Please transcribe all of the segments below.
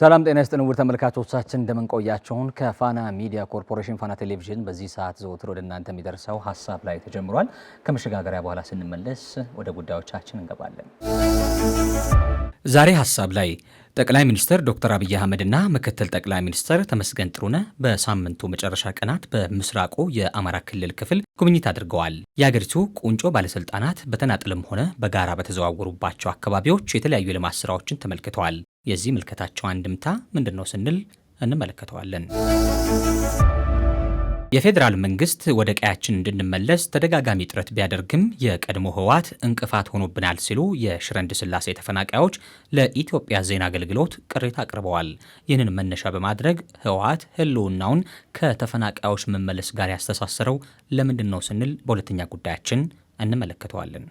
ሰላም ጤና ይስጥልን ውድ ተመልካቾቻችን እንደምንቆያቸውን ከፋና ሚዲያ ኮርፖሬሽን ፋና ቴሌቪዥን በዚህ ሰዓት ዘወትር ወደ እናንተ የሚደርሰው ሀሳብ ላይ ተጀምሯል። ከመሸጋገሪያ በኋላ ስንመለስ ወደ ጉዳዮቻችን እንገባለን። ዛሬ ሀሳብ ላይ ጠቅላይ ሚኒስትር ዶክተር አብይ አህመድና ምክትል ጠቅላይ ሚኒስትር ተመስገን ጥሩነህ በሳምንቱ መጨረሻ ቀናት በምስራቁ የአማራ ክልል ክፍል ጉብኝት አድርገዋል። የአገሪቱ ቁንጮ ባለስልጣናት በተናጥልም ሆነ በጋራ በተዘዋወሩባቸው አካባቢዎች የተለያዩ የልማት ስራዎችን ተመልክተዋል። የዚህ ምልከታቸው አንድምታ ምንድን ነው ስንል እንመለከተዋለን። የፌዴራል መንግስት ወደ ቀያችን እንድንመለስ ተደጋጋሚ ጥረት ቢያደርግም የቀድሞ ህወሓት እንቅፋት ሆኖብናል ሲሉ የሽረንድ ስላሴ ተፈናቃዮች ለኢትዮጵያ ዜና አገልግሎት ቅሬታ አቅርበዋል። ይህንን መነሻ በማድረግ ህወሓት ህልውናውን ከተፈናቃዮች መመለስ ጋር ያስተሳሰረው ለምንድን ነው ስንል በሁለተኛ ጉዳያችን እንመለከተዋለን።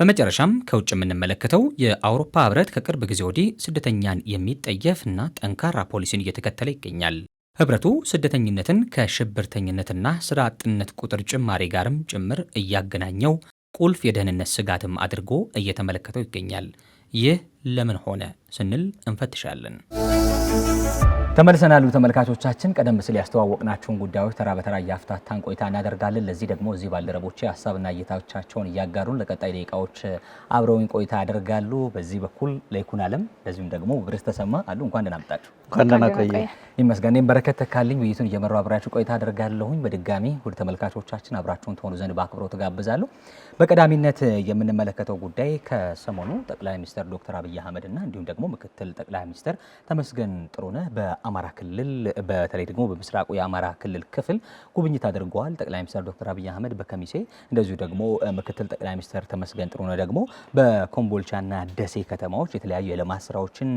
በመጨረሻም ከውጭ የምንመለከተው የአውሮፓ ህብረት ከቅርብ ጊዜ ወዲህ ስደተኛን የሚጠየፍ እና ጠንካራ ፖሊሲን እየተከተለ ይገኛል። ህብረቱ ስደተኝነትን ከሽብርተኝነትና ስራ አጥነት ቁጥር ጭማሪ ጋርም ጭምር እያገናኘው ቁልፍ የደህንነት ስጋትም አድርጎ እየተመለከተው ይገኛል። ይህ ለምን ሆነ ስንል እንፈትሻለን። ተመልሰናሉ ተመልካቾቻችን። ቀደም ሲል ያስተዋወቅናችሁን ጉዳዮች ተራ በተራ እያፍታታን ቆይታ እናደርጋለን። ለዚህ ደግሞ እዚህ ባልደረቦች ሀሳብና እይታዎቻቸውን እያጋሩን ለቀጣይ ደቂቃዎች አብረውን ቆይታ ያደርጋሉ። በዚህ በኩል ለይኩን አለም እንደዚሁም ደግሞ ብርስ ተሰማ አሉ። እንኳን ደህና መጣችሁ። እንኳን ደህና ቆየ ይመስገን። እኔም በረከት ተካልኝ ውይይቱን እየመራው አብራችሁ ቆይታ አደርጋለሁኝ። በድጋሚ ውድ ተመልካቾቻችን አብራችሁን ተሆኑ ዘንድ በአክብሮ ትጋብዛለሁ። በቀዳሚነት የምንመለከተው ጉዳይ ከሰሞኑ ጠቅላይ ሚኒስትር ዶክተር አብይ አህመድ እና እንዲሁም ደግሞ ምክትል ጠቅላይ ሚኒስትር ተመስገን ጥሩነህ በአማራ ክልል በተለይ ደግሞ በምስራቁ የአማራ ክልል ክፍል ጉብኝት አድርገዋል። ጠቅላይ ሚኒስትር ዶክተር አብይ አህመድ በከሚሴ እንደዚሁ ደግሞ ምክትል ጠቅላይ ሚኒስትር ተመስገን ጥሩነህ ደግሞ በኮምቦልቻና ደሴ ከተማዎች የተለያዩ የልማት ስራዎችን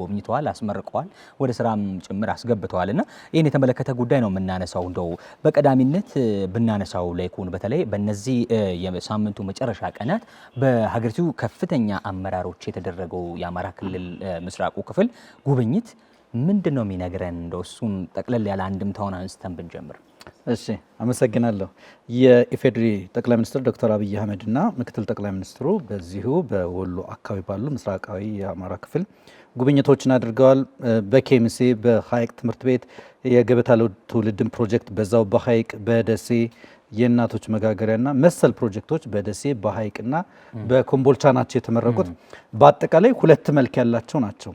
ጎብኝተዋል፣ አስመርቀዋል፣ ወደ ስራም ጭምር አስገብተዋል እና ይህን የተመለከተ ጉዳይ ነው የምናነሳው። እንደው በቀዳሚነት ብናነሳው ላይኩን በተለይ በነዚህ የሳምንቱ መጨረሻ ቀናት በሀገሪቱ ከፍተኛ አመራሮች የተደረገው የአማራ ክልል ምስራቁ ክፍል ጉብኝት ምንድን ነው የሚነግረን? እንደ እሱን ጠቅለል ያለ አንድምታውን አንስተን ብንጀምር። እሺ፣ አመሰግናለሁ። የኢፌዴሪ ጠቅላይ ሚኒስትር ዶክተር አብይ አህመድ እና ምክትል ጠቅላይ ሚኒስትሩ በዚሁ በወሎ አካባቢ ባሉ ምስራቃዊ የአማራ ክፍል ጉብኝቶችን አድርገዋል። በኬሚሴ በሀይቅ ትምህርት ቤት የገበታ ለትውልድን ፕሮጀክት በዛው በሀይቅ በደሴ የእናቶች መጋገሪያና መሰል ፕሮጀክቶች በደሴ በሀይቅና በኮምቦልቻ ናቸው የተመረቁት። በአጠቃላይ ሁለት መልክ ያላቸው ናቸው።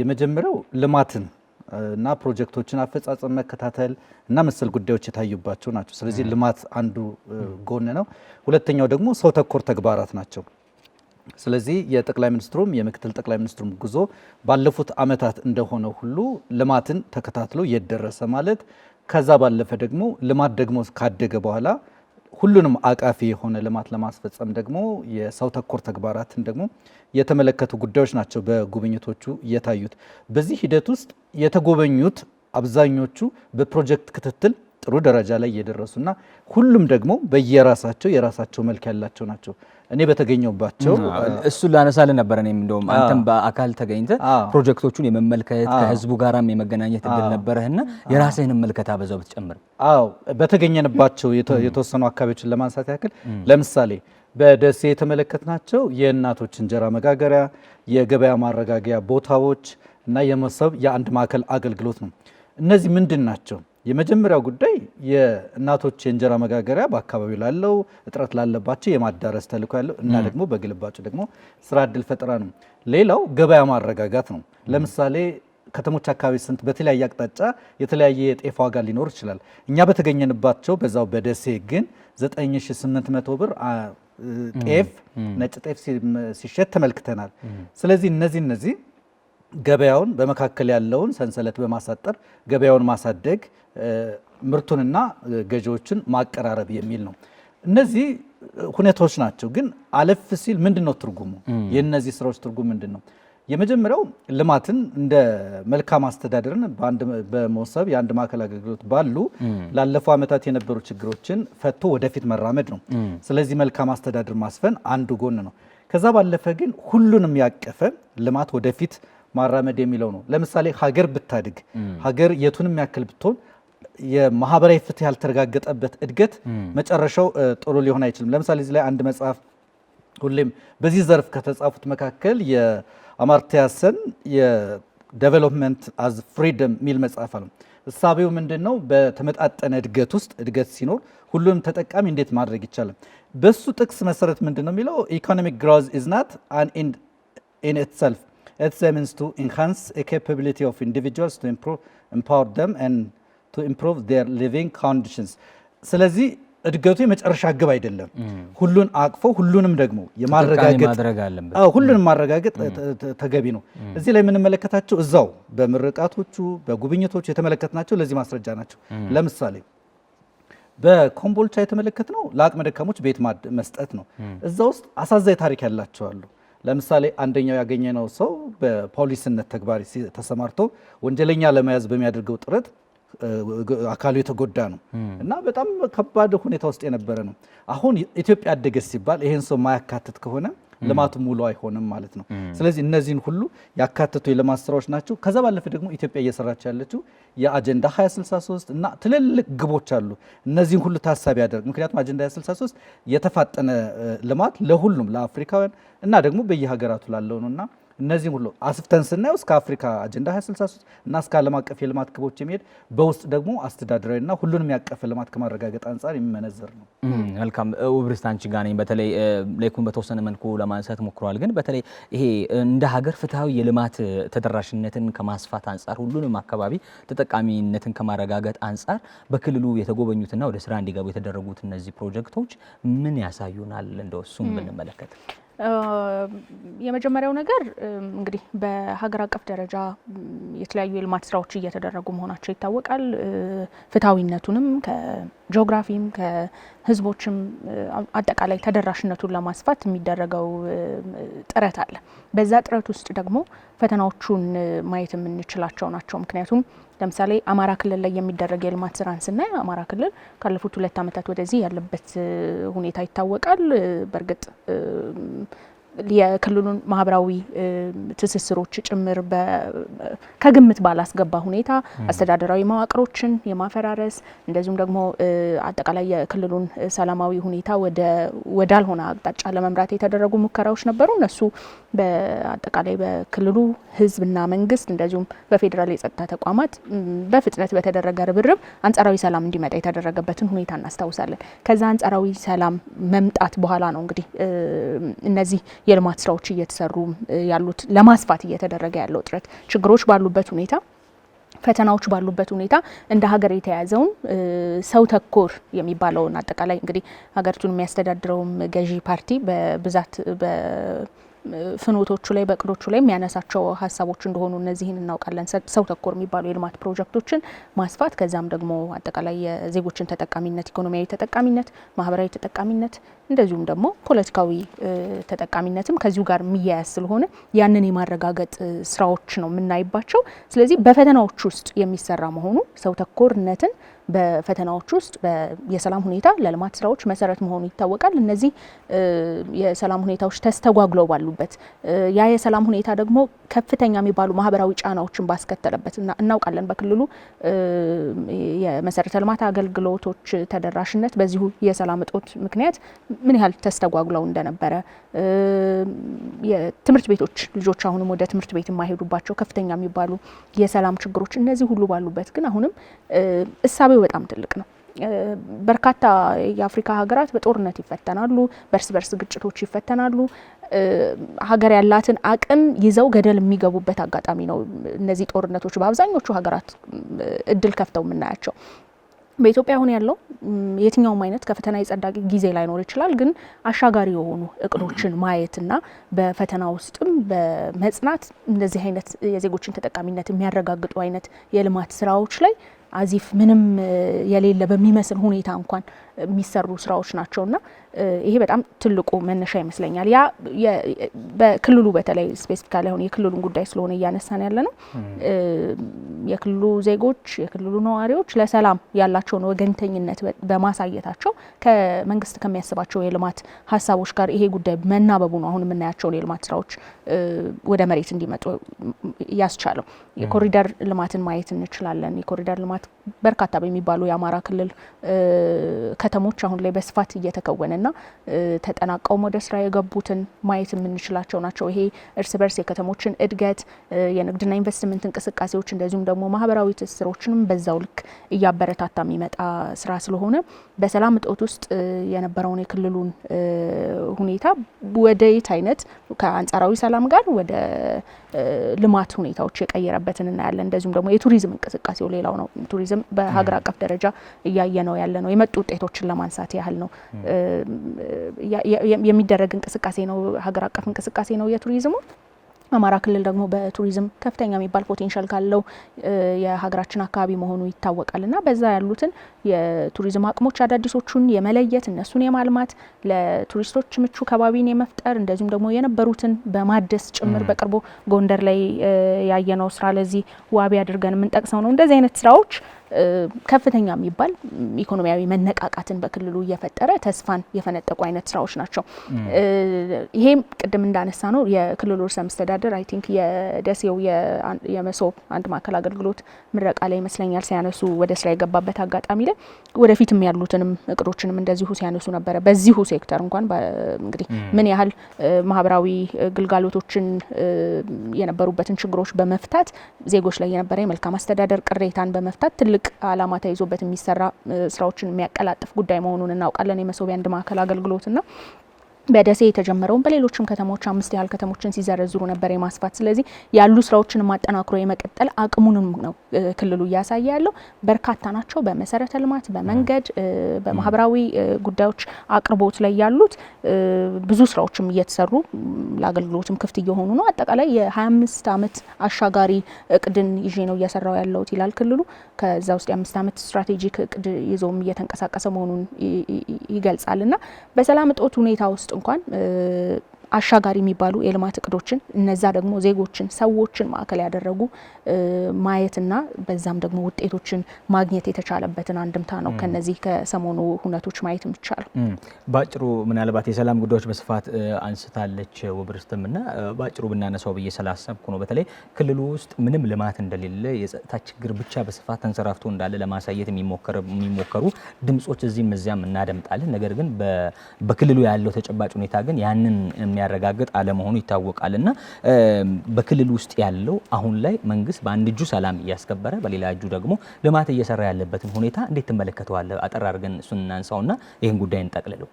የመጀመሪያው ልማትን እና ፕሮጀክቶችን አፈጻጸም መከታተል እና መሰል ጉዳዮች የታዩባቸው ናቸው። ስለዚህ ልማት አንዱ ጎን ነው። ሁለተኛው ደግሞ ሰው ተኮር ተግባራት ናቸው። ስለዚህ የጠቅላይ ሚኒስትሩም የምክትል ጠቅላይ ሚኒስትሩም ጉዞ ባለፉት ዓመታት እንደሆነ ሁሉ ልማትን ተከታትሎ የደረሰ ማለት ከዛ ባለፈ ደግሞ ልማት ደግሞ ካደገ በኋላ ሁሉንም አቃፊ የሆነ ልማት ለማስፈጸም ደግሞ የሰው ተኮር ተግባራትን ደግሞ የተመለከቱ ጉዳዮች ናቸው በጉብኝቶቹ የታዩት። በዚህ ሂደት ውስጥ የተጎበኙት አብዛኞቹ በፕሮጀክት ክትትል ጥሩ ደረጃ ላይ የደረሱና ሁሉም ደግሞ በየራሳቸው የራሳቸው መልክ ያላቸው ናቸው። እኔ በተገኘባቸው እሱን ላነሳልህ ነበረ። እኔም እንደውም አንተም በአካል ተገኝተ ፕሮጀክቶቹን የመመልከት ከህዝቡ ጋራም የመገናኘት እድል ነበረህና የራስህን መልከታ በዛው ብትጨምር። አዎ በተገኘንባቸው የተወሰኑ አካባቢዎችን ለማንሳት ያክል ለምሳሌ በደሴ የተመለከትናቸው የእናቶች እንጀራ መጋገሪያ፣ የገበያ ማረጋገያ ቦታዎች እና የመሰብ የአንድ ማዕከል አገልግሎት ነው። እነዚህ ምንድን ናቸው? የመጀመሪያው ጉዳይ የእናቶች የእንጀራ መጋገሪያ በአካባቢው ላለው እጥረት ላለባቸው የማዳረስ ተልዕኮ ያለው እና ደግሞ በግልባጩ ደግሞ ስራ እድል ፈጠራ ነው። ሌላው ገበያ ማረጋጋት ነው። ለምሳሌ ከተሞች አካባቢ ስንት በተለያየ አቅጣጫ የተለያየ የጤፍ ዋጋ ሊኖር ይችላል። እኛ በተገኘንባቸው በዛው በደሴ ግን 9800 ብር ጤፍ ነጭ ጤፍ ሲሸጥ ተመልክተናል። ስለዚህ እነዚህ እነዚህ ገበያውን በመካከል ያለውን ሰንሰለት በማሳጠር ገበያውን ማሳደግ፣ ምርቱንና ገዢዎችን ማቀራረብ የሚል ነው። እነዚህ ሁኔታዎች ናቸው። ግን አለፍ ሲል ምንድን ነው ትርጉሙ? የእነዚህ ስራዎች ትርጉም ምንድን ነው? የመጀመሪያው ልማትን እንደ መልካም አስተዳደርን በመውሰብ የአንድ ማዕከል አገልግሎት ባሉ ላለፉ ዓመታት የነበሩ ችግሮችን ፈቶ ወደፊት መራመድ ነው። ስለዚህ መልካም አስተዳደር ማስፈን አንዱ ጎን ነው። ከዛ ባለፈ ግን ሁሉንም ያቀፈ ልማት ወደፊት ማራመድ የሚለው ነው። ለምሳሌ ሀገር ብታድግ ሀገር የቱንም ያክል ብትሆን የማህበራዊ ፍትህ ያልተረጋገጠበት እድገት መጨረሻው ጥሩ ሊሆን አይችልም። ለምሳሌ እዚህ ላይ አንድ መጽሐፍ ሁሌም በዚህ ዘርፍ ከተጻፉት መካከል የአማርቲያሰን ሰን የዴቨሎፕመንት አዝ ፍሪደም የሚል መጽሐፍ አለ። እሳቤው ምንድን ነው? በተመጣጠነ እድገት ውስጥ እድገት ሲኖር ሁሉንም ተጠቃሚ እንዴት ማድረግ ይቻላል? በሱ ጥቅስ መሰረት ምንድን ነው የሚለው ኢኮኖሚክ ግሮዝ ኢዝ ናት አን ኢንድ ኢን ኢትሰልፍ It means to enhance the capability of individuals to improve, empower them and to improve their living conditions. ስለዚህ እድገቱ የመጨረሻ ግብ አይደለም። ሁሉን አቅፎ ሁሉንም ደግሞ ሁሉንም ማረጋገጥ ተገቢ ነው። እዚህ ላይ የምንመለከታቸው እዛው በምርቃቶቹ በጉብኝቶቹ የተመለከትናቸው ለዚህ ማስረጃ ናቸው። ለምሳሌ በኮምቦልቻ የተመለከትነው ለአቅመ ደካሞች ቤት መስጠት ነው። እዛ ውስጥ አሳዛኝ ታሪክ ያላቸው አሉ። ለምሳሌ አንደኛው ያገኘነው ሰው በፖሊስነት ተግባር ተሰማርቶ ወንጀለኛ ለመያዝ በሚያደርገው ጥረት አካሉ የተጎዳ ነው እና በጣም ከባድ ሁኔታ ውስጥ የነበረ ነው። አሁን ኢትዮጵያ አደገች ሲባል ይህን ሰው ማያካትት ከሆነ ልማቱም ውሎ አይሆንም ማለት ነው። ስለዚህ እነዚህን ሁሉ ያካተቱ የልማት ስራዎች ናቸው። ከዛ ባለፈ ደግሞ ኢትዮጵያ እየሰራች ያለችው የአጀንዳ 2063 እና ትልልቅ ግቦች አሉ። እነዚህን ሁሉ ታሳቢ ያደርግ ምክንያቱም አጀንዳ 2063 የተፋጠነ ልማት ለሁሉም ለአፍሪካውያን እና ደግሞ በየሀገራቱ ላለው ነውና እነዚህ ሁሉ አስፍተን ስናየው እስከ አፍሪካ አጀንዳ 2063 እና እስከ ዓለም አቀፍ የልማት ግቦች የሚሄድ በውስጥ ደግሞ አስተዳደራዊና ሁሉንም ያቀፈ ልማት ከማረጋገጥ አንጻር የሚመነዘር ነው። መልካም ውብርስት፣ አንቺ ጋር ነኝ። በተለይ ሌኩን በተወሰነ መልኩ ለማንሳት ሞክረዋል። ግን በተለይ ይሄ እንደ ሀገር ፍትሐዊ የልማት ተደራሽነትን ከማስፋት አንጻር፣ ሁሉንም አካባቢ ተጠቃሚነትን ከማረጋገጥ አንጻር በክልሉ የተጎበኙትና ወደ ስራ እንዲገቡ የተደረጉት እነዚህ ፕሮጀክቶች ምን ያሳዩናል? እንደ እሱም ብንመለከት የመጀመሪያው ነገር እንግዲህ በሀገር አቀፍ ደረጃ የተለያዩ የልማት ስራዎች እየተደረጉ መሆናቸው ይታወቃል። ፍትሐዊነቱንም ከጂኦግራፊም ከህዝቦችም አጠቃላይ ተደራሽነቱን ለማስፋት የሚደረገው ጥረት አለ። በዛ ጥረት ውስጥ ደግሞ ፈተናዎቹን ማየት የምንችላቸው ናቸው። ምክንያቱም ለምሳሌ አማራ ክልል ላይ የሚደረግ የልማት ስራን ስናይ አማራ ክልል ካለፉት ሁለት ዓመታት ወደዚህ ያለበት ሁኔታ ይታወቃል። በእርግጥ የክልሉን ማህበራዊ ትስስሮች ጭምር ከግምት ባላስገባ ሁኔታ አስተዳደራዊ መዋቅሮችን የማፈራረስ እንደዚሁም ደግሞ አጠቃላይ የክልሉን ሰላማዊ ሁኔታ ወዳልሆነ አቅጣጫ ለመምራት የተደረጉ ሙከራዎች ነበሩ። እነሱ በአጠቃላይ በክልሉ ህዝብና መንግስት እንደዚሁም በፌዴራል የጸጥታ ተቋማት በፍጥነት በተደረገ ርብርብ አንጻራዊ ሰላም እንዲመጣ የተደረገበትን ሁኔታ እናስታውሳለን። ከዛ አንጻራዊ ሰላም መምጣት በኋላ ነው እንግዲህ እነዚህ የልማት ስራዎች እየተሰሩ ያሉት ለማስፋት እየተደረገ ያለው ጥረት ችግሮች ባሉበት ሁኔታ ፈተናዎች ባሉበት ሁኔታ እንደ ሀገር የተያዘውን ሰው ተኮር የሚባለውን አጠቃላይ እንግዲህ ሀገሪቱን የሚያስተዳድረውም ገዢ ፓርቲ በብዛት ፍኖቶቹ ላይ በእቅዶቹ ላይ የሚያነሳቸው ሀሳቦች እንደሆኑ እነዚህን እናውቃለን። ሰው ተኮር የሚባሉ የልማት ፕሮጀክቶችን ማስፋት ከዛም ደግሞ አጠቃላይ የዜጎችን ተጠቃሚነት፣ ኢኮኖሚያዊ ተጠቃሚነት፣ ማህበራዊ ተጠቃሚነት እንደዚሁም ደግሞ ፖለቲካዊ ተጠቃሚነትም ከዚሁ ጋር የሚያያዝ ስለሆነ ያንን የማረጋገጥ ስራዎች ነው የምናይባቸው። ስለዚህ በፈተናዎች ውስጥ የሚሰራ መሆኑ ሰው ተኮርነትን በፈተናዎች ውስጥ የሰላም ሁኔታ ለልማት ስራዎች መሰረት መሆኑ ይታወቃል። እነዚህ የሰላም ሁኔታዎች ተስተጓጉለው ባሉበት ያ የሰላም ሁኔታ ደግሞ ከፍተኛ የሚባሉ ማህበራዊ ጫናዎችን ባስከተለበት እናውቃለን። በክልሉ የመሰረተ ልማት አገልግሎቶች ተደራሽነት በዚሁ የሰላም እጦት ምክንያት ምን ያህል ተስተጓጉለው እንደነበረ የትምህርት ቤቶች ልጆች አሁንም ወደ ትምህርት ቤት የማይሄዱባቸው ከፍተኛ የሚባሉ የሰላም ችግሮች እነዚህ ሁሉ ባሉበት ግን አሁንም እሳቤው በጣም ትልቅ ነው። በርካታ የአፍሪካ ሀገራት በጦርነት ይፈተናሉ፣ በእርስ በርስ ግጭቶች ይፈተናሉ። ሀገር ያላትን አቅም ይዘው ገደል የሚገቡበት አጋጣሚ ነው። እነዚህ ጦርነቶች በአብዛኞቹ ሀገራት እድል ከፍተው የምናያቸው በኢትዮጵያ አሁን ያለው የትኛውም አይነት ከፈተና የጸዳ ጊዜ ላይኖር ይችላል። ግን አሻጋሪ የሆኑ እቅዶችን ማየትና በፈተና ውስጥም በመጽናት እንደዚህ አይነት የዜጎችን ተጠቃሚነት የሚያረጋግጡ አይነት የልማት ስራዎች ላይ አዚፍ ምንም የሌለ በሚመስል ሁኔታ እንኳን የሚሰሩ ስራዎች ናቸው እና ይሄ በጣም ትልቁ መነሻ ይመስለኛል። ያ በክልሉ በተለይ ስፔሲፊካሊ አሁን የክልሉን ጉዳይ ስለሆነ እያነሳን ያለ ነው። የክልሉ ዜጎች የክልሉ ነዋሪዎች ለሰላም ያላቸውን ወገንተኝነት በማሳየታቸው ከመንግስት ከሚያስባቸው የልማት ሀሳቦች ጋር ይሄ ጉዳይ መናበቡ ነው አሁን የምናያቸውን የልማት ስራዎች ወደ መሬት እንዲመጡ ያስቻለው። የኮሪደር ልማትን ማየት እንችላለን። የኮሪደር ልማት በርካታ በሚባሉ የአማራ ክልል ከተሞች አሁን ላይ በስፋት እየተከወነና ተጠናቀውም ወደ ስራ የገቡትን ማየት የምንችላቸው ናቸው። ይሄ እርስ በርስ የከተሞችን እድገት፣ የንግድና ኢንቨስትመንት እንቅስቃሴዎች እንደዚሁም ደግሞ ማህበራዊ ትስስሮችንም በዛው ልክ እያበረታታ የሚመጣ ስራ ስለሆነ በሰላም እጦት ውስጥ የነበረውን የክልሉን ሁኔታ ወደ የት አይነት ከአንጻራዊ ሰላም ጋር ወደ ልማት ሁኔታዎች የቀየረበትን እናያለን። እንደዚሁም ደግሞ የቱሪዝም እንቅስቃሴው ሌላው ነው። ቱሪዝም በሀገር አቀፍ ደረጃ እያየ ነው ያለ ነው። የመጡ ውጤቶችን ለማንሳት ያህል ነው የሚደረግ እንቅስቃሴ ነው። ሀገር አቀፍ እንቅስቃሴ ነው የቱሪዝሙ አማራ ክልል ደግሞ በቱሪዝም ከፍተኛ የሚባል ፖቴንሻል ካለው የሀገራችን አካባቢ መሆኑ ይታወቃል እና በዛ ያሉትን የቱሪዝም አቅሞች አዳዲሶቹን የመለየት እነሱን የማልማት ለቱሪስቶች ምቹ ከባቢን የመፍጠር እንደዚሁም ደግሞ የነበሩትን በማደስ ጭምር በቅርቡ ጎንደር ላይ ያየነው ስራ ለዚህ ዋቢ አድርገን የምንጠቅሰው ነው። እንደዚህ አይነት ስራዎች ከፍተኛ የሚባል ኢኮኖሚያዊ መነቃቃትን በክልሉ እየፈጠረ ተስፋን የፈነጠቁ አይነት ስራዎች ናቸው። ይሄም ቅድም እንዳነሳ ነው የክልሉ ርዕሰ መስተዳደር አይ ቲንክ የደሴው የመሶብ አንድ ማዕከል አገልግሎት ምረቃ ላይ ይመስለኛል ሲያነሱ ወደ ስራ የገባበት አጋጣሚ ላይ ወደፊትም ያሉትንም እቅዶችንም እንደዚሁ ሲያነሱ ነበረ። በዚሁ ሴክተር እንኳን እንግዲህ ምን ያህል ማህበራዊ ግልጋሎቶችን የነበሩበትን ችግሮች በመፍታት ዜጎች ላይ የነበረ የመልካም አስተዳደር ቅሬታን በመፍታት ትልቅ ትልቅ አላማ ተይዞበት የሚሰራ ስራዎችን የሚያቀላጥፍ ጉዳይ መሆኑን እናውቃለን። የመሶቢያ አንድ ማዕከል ና በደሴ የተጀመረውን በሌሎችም ከተሞች አምስት ያህል ከተሞችን ሲዘረዝሩ ነበር የማስፋት ስለዚህ ያሉ ስራዎችን ማጠናክሮ የመቀጠል አቅሙንም ነው ክልሉ እያሳየ ያለው በርካታ ናቸው። በመሰረተ ልማት፣ በመንገድ፣ በማህበራዊ ጉዳዮች አቅርቦት ላይ ያሉት ብዙ ስራዎችም እየተሰሩ ለአገልግሎትም ክፍት እየሆኑ ነው። አጠቃላይ የ25 ዓመት አሻጋሪ እቅድን ይዤ ነው እየሰራው ያለውት ይላል ክልሉ። ከዛ ውስጥ የአምስት ዓመት ስትራቴጂክ እቅድ ይዞም እየተንቀሳቀሰ መሆኑን ይገልጻል እና በሰላም እጦት ሁኔታ ውስጥ እንኳን አሻጋሪ የሚባሉ የልማት እቅዶችን እነዛ ደግሞ ዜጎችን፣ ሰዎችን ማዕከል ያደረጉ ማየትና በዛም ደግሞ ውጤቶችን ማግኘት የተቻለበትን አንድምታ ነው ከነዚህ ከሰሞኑ ሁነቶች ማየት የሚቻለው። ባጭሩ ምናልባት የሰላም ጉዳዮች በስፋት አንስታለች ውብርስትም እና ብናነሳው ብዬ ስላሰብኩ ነው። በተለይ ክልሉ ውስጥ ምንም ልማት እንደሌለ የጸጥታ ችግር ብቻ በስፋት ተንሰራፍቶ እንዳለ ለማሳየት የሚሞከሩ ድምጾች እዚህም እዚያም እናደምጣለን። ነገር ግን በክልሉ ያለው ተጨባጭ ሁኔታ ግን ያንን የሚያረጋግጥ አለመሆኑ ይታወቃል። እና በክልል ውስጥ ያለው አሁን ላይ መንግስት በአንድ እጁ ሰላም እያስከበረ በሌላ እጁ ደግሞ ልማት እየሰራ ያለበትን ሁኔታ እንዴት ትመለከተዋለ? አጠር አድርገን እሱን እናንሳውና ይህን ጉዳይ እንጠቅልለው።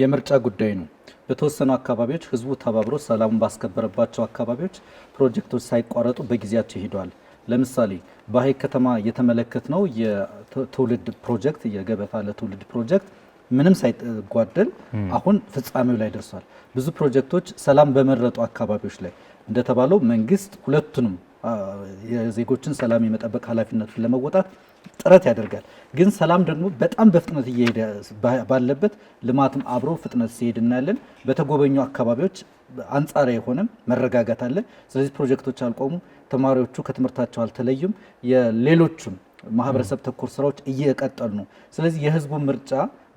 የምርጫ ጉዳይ ነው። በተወሰኑ አካባቢዎች ህዝቡ ተባብሮ ሰላሙን ባስከበረባቸው አካባቢዎች ፕሮጀክቶች ሳይቋረጡ በጊዜያቸው ሄደዋል። ለምሳሌ በሀይቅ ከተማ የተመለከት ነው የትውልድ ፕሮጀክት የገበታ ለትውልድ ፕሮጀክት ምንም ሳይጓደል አሁን ፍጻሜው ላይ ደርሷል። ብዙ ፕሮጀክቶች ሰላም በመረጡ አካባቢዎች ላይ እንደተባለው መንግስት ሁለቱንም የዜጎችን ሰላም የመጠበቅ ኃላፊነቱን ለመወጣት ጥረት ያደርጋል። ግን ሰላም ደግሞ በጣም በፍጥነት እየሄደ ባለበት ልማትም አብሮ ፍጥነት ሲሄድ እናያለን። በተጎበኙ አካባቢዎች አንጻር የሆነም መረጋጋት አለ። ስለዚህ ፕሮጀክቶች አልቆሙ ተማሪዎቹ ከትምህርታቸው አልተለዩም። የሌሎቹም ማህበረሰብ ተኮር ስራዎች እየቀጠሉ ነው። ስለዚህ የህዝቡ ምርጫ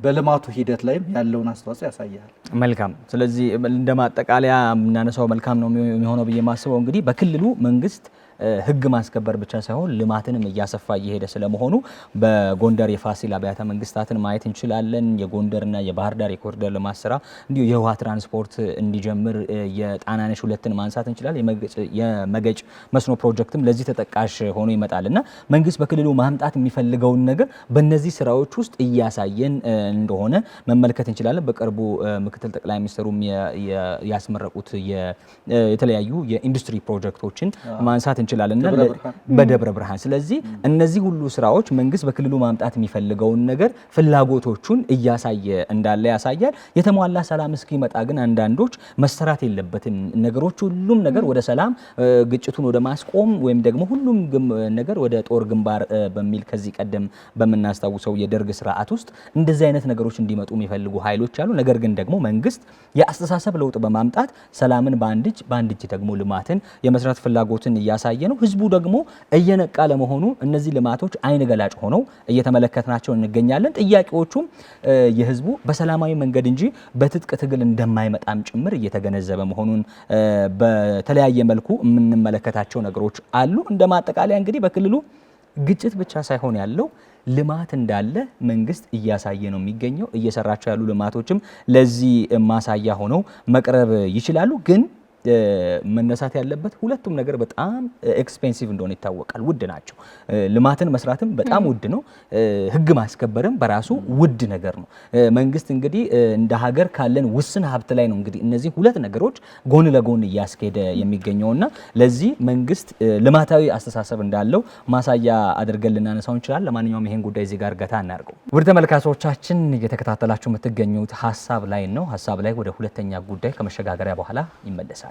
በልማቱ ሂደት ላይም ያለውን አስተዋጽኦ ያሳያል። መልካም። ስለዚህ እንደ ማጠቃለያ የምናነሳው መልካም ነው የሚሆነው ብዬ የማስበው እንግዲህ በክልሉ መንግስት ህግ ማስከበር ብቻ ሳይሆን ልማትንም እያሰፋ እየሄደ ስለመሆኑ በጎንደር የፋሲል አብያተ መንግስታትን ማየት እንችላለን። የጎንደርና የባህር ዳር የኮሪደር ልማት ስራ እንዲሁ የውሃ ትራንስፖርት እንዲጀምር የጣናነሽ ሁለትን ማንሳት እንችላለን። የመገጭ መስኖ ፕሮጀክትም ለዚህ ተጠቃሽ ሆኖ ይመጣል እና መንግስት በክልሉ ማምጣት የሚፈልገውን ነገር በእነዚህ ስራዎች ውስጥ እያሳየን እንደሆነ መመልከት እንችላለን። በቅርቡ ምክትል ጠቅላይ ሚኒስትሩም ያስመረቁት የተለያዩ የኢንዱስትሪ ፕሮጀክቶችን ማንሳት እንችላለን እና በደብረ ብርሃን። ስለዚህ እነዚህ ሁሉ ስራዎች መንግስት በክልሉ ማምጣት የሚፈልገውን ነገር ፍላጎቶቹን እያሳየ እንዳለ ያሳያል። የተሟላ ሰላም እስኪመጣ ግን አንዳንዶች መሰራት የለበትም ነገሮች ሁሉም ነገር ወደ ሰላም፣ ግጭቱን ወደ ማስቆም ወይም ደግሞ ሁሉም ነገር ወደ ጦር ግንባር በሚል ከዚህ ቀደም በምናስታውሰው የደርግ ስርዓት ውስጥ እንደዚህ አይነት ነገሮች እንዲመጡ የሚፈልጉ ኃይሎች አሉ። ነገር ግን ደግሞ መንግስት የአስተሳሰብ ለውጥ በማምጣት ሰላምን በአንድ እጅ በአንድ እጅ ደግሞ ልማትን የመስራት ፍላጎትን እያሳየ ነው። ህዝቡ ደግሞ እየነቃ ለመሆኑ እነዚህ ልማቶች አይን ገላጭ ሆነው እየተመለከትናቸው እንገኛለን። ጥያቄዎቹም የህዝቡ በሰላማዊ መንገድ እንጂ በትጥቅ ትግል እንደማይመጣም ጭምር እየተገነዘበ መሆኑን በተለያየ መልኩ የምንመለከታቸው ነገሮች አሉ። እንደ ማጠቃለያ እንግዲህ በክልሉ ግጭት ብቻ ሳይሆን ያለው ልማት እንዳለ መንግስት እያሳየ ነው የሚገኘው። እየሰራቸው ያሉ ልማቶችም ለዚህ ማሳያ ሆነው መቅረብ ይችላሉ ግን መነሳት ያለበት ሁለቱም ነገር በጣም ኤክስፔንሲቭ እንደሆነ ይታወቃል። ውድ ናቸው። ልማትን መስራትም በጣም ውድ ነው። ህግ ማስከበርም በራሱ ውድ ነገር ነው። መንግስት እንግዲህ እንደ ሀገር ካለን ውስን ሀብት ላይ ነው እንግዲህ እነዚህ ሁለት ነገሮች ጎን ለጎን እያስኬደ የሚገኘውና ለዚህ መንግስት ልማታዊ አስተሳሰብ እንዳለው ማሳያ አድርገን ልናነሳው እንችላለን። ለማንኛውም ይሄን ጉዳይ እዚህ ጋር ገታ እናድርገው። ውድ ተመልካቾቻችን እየተከታተላችሁ የምትገኙት ሀሳብ ላይ ነው። ሀሳብ ላይ ወደ ሁለተኛ ጉዳይ ከመሸጋገሪያ በኋላ ይመለሳል።